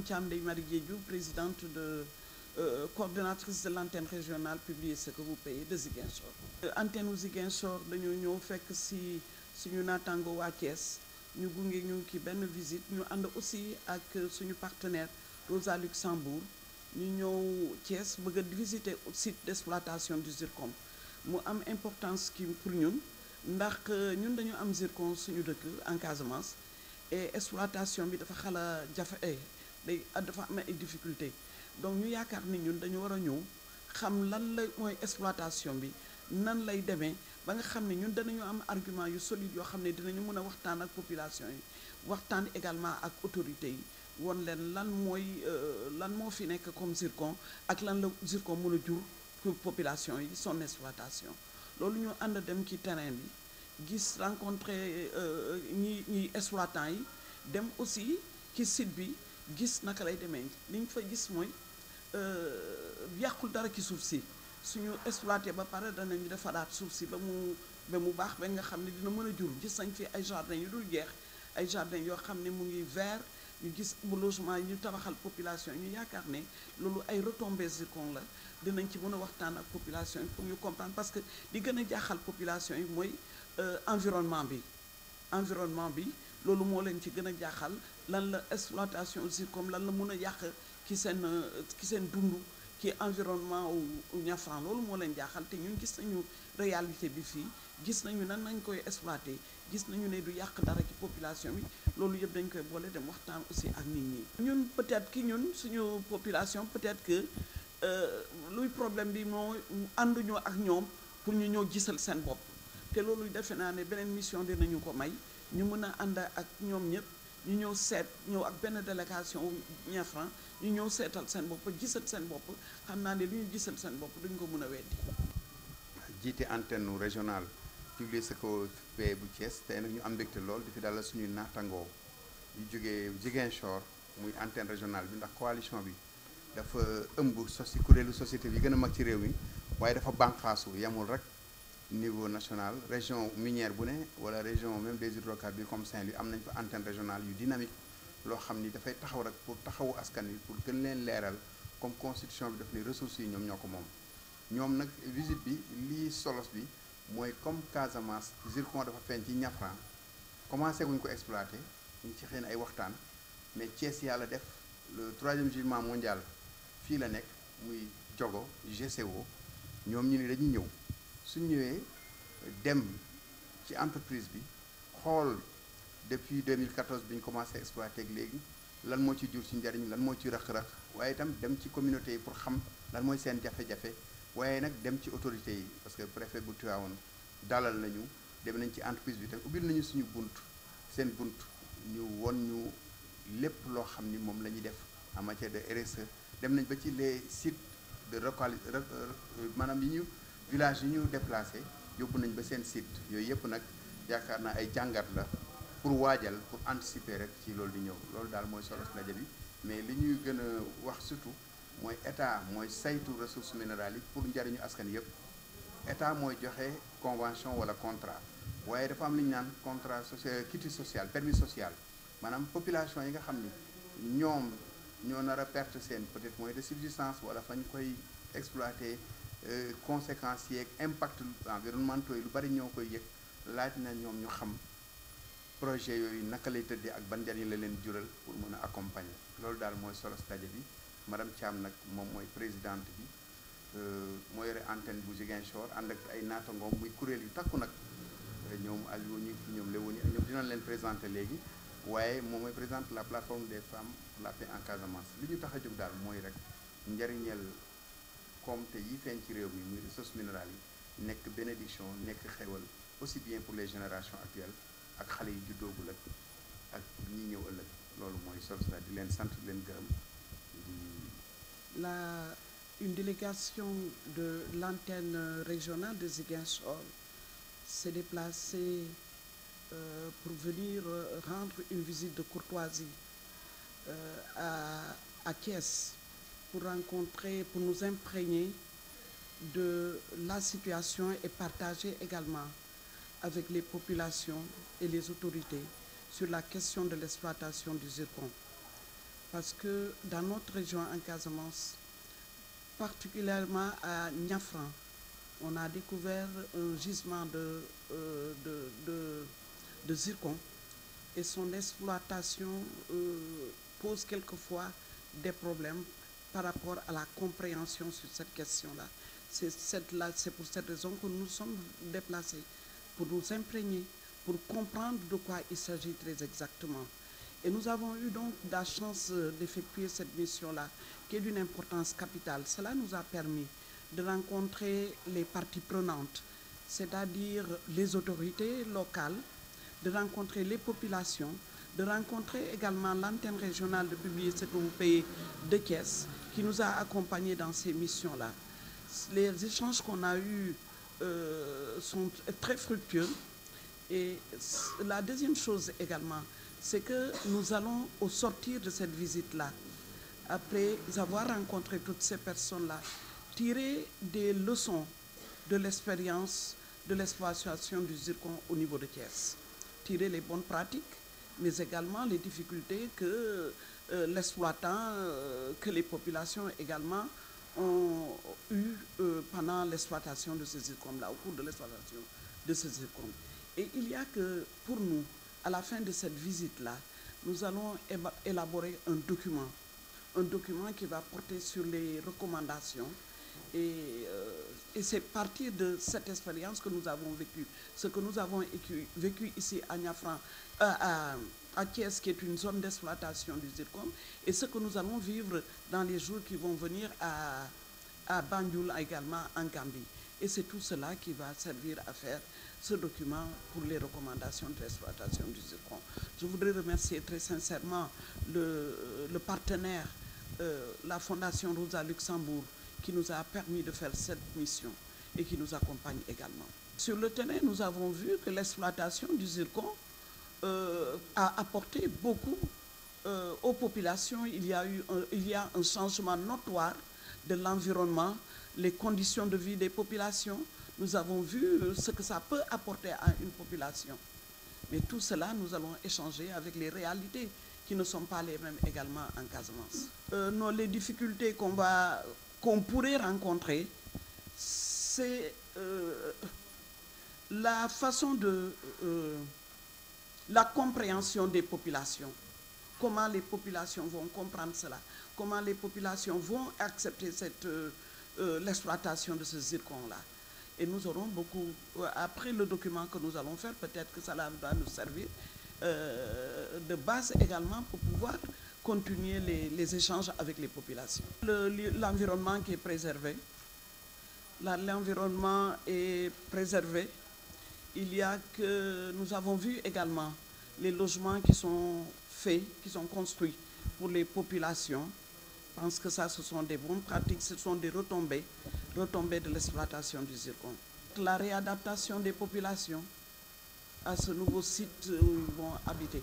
Madame Thiam Marie présidente de euh, coordonnatrice de l'antenne régionale publiée ce que vous payez de Ziguinchor. Euh, antenne Ziguinchor dañoo ñëw fekk si suñu naataango waa Thiès ñu gunge ñu ki benn visite ñu ànd aussi ak suñu partenaire Rosa Luxembourg ñu ñëw Thiès bëgg a visiter site d'exploitation du zircon mu am importance ki pour ñun ndax euh, ñun dañu am zircon suñu dëkk en Casamance exploitation bi dafa xala jafe eh, day dafa am ay difficulté donc ñu yaakaar ni ñun dañu war a ñëw xam lan la mooy exploitation bi nan lay demee ba nga xam ne ñun danañu am argument yu solide yoo xam ne dinañu mën a waxtaan ak population yi waxtaan également ak autorité yi won leen lan mooy euh, lan moo fi nekk comme zircon ak lan la zircon mën a jur pour population yi sonn exploitation loolu ñoo ànd dem ci terrain bi gis rencontré euh, ñi ñi exploitant yi dem aussi ci site bi gis naka lay demee li ñu fa gis mooy euh, yàqul dara ci suuf si suñu exploité ba pare danañu defaraat suuf si ba mu ba mu baax ba nga xam ne dina mën a jur gis nañ fi ay jardin yu dul jeex ay jardin yoo xam ne mu ngi ver ñu gis bu logement yi ñu tabaxal population ñu yaakaar ne loolu ay retombee retombées zircon la dinañ ci mën a waxtaan ak population yi pour ñu comprendre parce que li gën a jàqal population yi mooy euh, environnement bi environnement bi loolu moo leen ci gën a jaaxal lan la exploitation comme lan la mun a yàq ci seen ci seen dund ci environnement wu Niassane loolu moo leen jaaxal te ñun gis nañu réalité bi fii gis nañu nan nañ koy exploité gis nañu ne du yàq dara ci population bi loolu yëpp dañ koy boole dem waxtaan aussi ak nit ñi. ñun peut-être ki ñun suñu population peut-être que euh, luy problème bi moo ànduñoo ak ñoom pour ñu ñoo gisal seen bopp te loolu defe naa ne beneen mission dinañu ko may ñu mën a ànd ak ñoom ñëpp. ñu ñëw seet ñëw ak benn délégation Niakhran ñu ñëw seetal seen bopp gisal seen bopp xam naa ne lu ñu gisal seen bopp duñ ko mën a weddi. jiite antenne régional régionale Public ko P bu Thiès tey nag ñu am mbégte lool di fi dalal suñuy naatangoo yu jógee Ziguinchor muy antenne régional bi ndax coalition bi dafa ëmb sosi kuréelu société bi gën a mag ci réew mi waaye dafa bànqaasu yamul rek. niveau national région minière bu ne wala région même des bi comme Saint-Louis am nañ ko antenne régionale yu dynamique loo xam ni dafay taxaw rek pour taxawu askan wi pour gën leen leeral comme constitution bi daf ni ressources yi ñoom ñoo ko moom ñoom nag visite bi lii solos bi mooy comme Casamance zircon dafa feeñ ci Niafrane commencé guñ ko exploité ñu ci xëy na ay waxtaan mais Thiès yàlla def le troisième jugement mondial fii la nekk muy Diogo GCO ñoom ñu ni dañuy ñëw su ñëwee dem ci entreprise bi xool depuis 2014 bi ñu commencé exploité ak léegi lan moo ci jur ci njariñ lan moo ci rëq-rëq waaye itam dem ci communauté yi pour xam lan mooy seen jafe-jafe waaye nag dem ci autorité yi parce que préfet bu Tivaouane dalal nañu dem nañ ci entreprise bi tam ubbil nañu suñu bunt seen bunt ñu won ñu lépp loo xam ni moom la ñuy def en matière de RSE dem nañ ba ci les sites de recoali maanaam yi ñu village yu ñu déplacé yóbbu nañ ba seen site yooyu yëpp nag yaakaar naa ay jàngat la pour waajal pour anticiper rek ci loolu di ñëw loolu daal mooy solo si ndaje bi mais li ñuy gën a wax surtout mooy état mooy saytu ressources minérales yi pour njariñu askan yëpp état mooy joxe convention wala contrat waaye dafa am lu ñu naan contrat social quitus social permis social maanaam population yi nga xam ni ñoom ñoo nar a perte seen peut-être moyen de subsistance wala fa koy exploité Euh, conséquences yeeg impact environnementaux yi lu bari ñoo koy yëg laaj na ñoom ñu xam projet yooyu naka lay tëddee ak ban njariñ la leen jural pour mën a accompagner loolu daal mooy solo staje bi madame Thiam nag moom mooy présidente bi euh, moo yore antenne bu Ziguinchor ànd ak ay naatangoom muy kuréel yu takku nag ñoom Aliou ñu ñoom Léoni ak ñoom dinañ leen présenter léegi waaye moom mooy présente la plateforme des femmes pour la li ñu tax a jóg daal mooy rek njariñel koom-koomte yi feeñ ci réew mi muy ressources minérales yi nekk bénédiction nekk xewal aussi bien pour les générations actuelles ak xale yi juddoogul ak ak ñi ñëw ëllëg loolu mooy Sovsda di leen sant di leen gërëm di. la une délégation de l'antenne régionale de Ziguinchor s'est déplacée euh, pour venir euh, rendre une visite de courtoisie euh, à à pour rencontrer, pour nous imprégner de la situation et partager également avec les populations et les autorités sur la question de l'exploitation du zircon. Parce que dans notre région en Casamance, particulièrement à Niafran, on a découvert un gisement de, euh, de, de, de, zircon et son exploitation euh, pose quelquefois des problèmes par rapport à la compréhension sur cette question-là. C'est cette, pour cette raison que nous sommes déplacés, pour nous imprégner, pour comprendre de quoi il s'agit très exactement. Et nous avons eu donc la chance euh, d'effectuer cette mission-là, qui est d'une importance capitale. Cela nous a permis de rencontrer les parties prenantes, c'est-à-dire les autorités locales, de rencontrer les populations, de rencontrer également l'antenne régionale de publicité pour pays de caisse qui nous a accompagnés dans ces missions-là. Les échanges qu'on a eus euh, sont très fructueux. Et la deuxième chose également, c'est que nous allons, au sortir de cette visite-là, après avoir rencontré toutes ces personnes-là, tirer des leçons de l'expérience de l'exploitation du zircon au niveau de Thiès. Tirer les bonnes pratiques, mais également les difficultés que euh, l'exploitant euh, que les populations également ont eu euh, pendant l'exploitation de ces zircoms-là, au cours de l'exploitation de ces zircoms. Et il y a que pour nous, à la fin de cette visite-là, nous allons élaborer un document, un document qui va porter sur les recommandations Et, euh, et c'est partir de cette expérience que nous avons vécue. Ce que nous avons vécu, vécu ici à Niafran, euh, à, à Thiès, qui est une zone d'exploitation du zircon, et ce que nous allons vivre dans les jours qui vont venir à, à Banjul, également en Gambie. Et c'est tout cela qui va servir à faire ce document pour les recommandations d'exploitation du zircon. Je voudrais remercier très sincèrement le, le partenaire, euh, la Fondation Rosa Luxembourg, qui nous a permis de faire cette mission et qui nous accompagne également. Sur le terrain, nous avons vu que l'exploitation du zircon euh, a apporté beaucoup euh, aux populations. Il y, a eu un, il y a un changement notoire de l'environnement, les conditions de vie des populations. Nous avons vu euh, ce que ça peut apporter à une population. Mais tout cela, nous allons échanger avec les réalités qui ne sont pas les mêmes également en Casamance. Euh, les difficultés qu'on va qu'on pourrait rencontrer, c'est euh, la façon de... Euh, la compréhension des populations. Comment les populations vont comprendre cela Comment les populations vont accepter cette euh, euh l'exploitation de ce zircon-là Et nous aurons beaucoup... Euh, après le document que nous allons faire, peut-être que cela va nous servir euh, de base également pour pouvoir continuer les, les échanges avec les populations. L'environnement Le, qui est préservé, l'environnement est préservé. Il y a que, nous avons vu également les logements qui sont faits, qui sont construits pour les populations. Je que ça, ce sont des bonnes pratiques, ce sont des retombées, retombées de l'exploitation du zircon. La réadaptation des populations à ce nouveau site où ils vont habiter.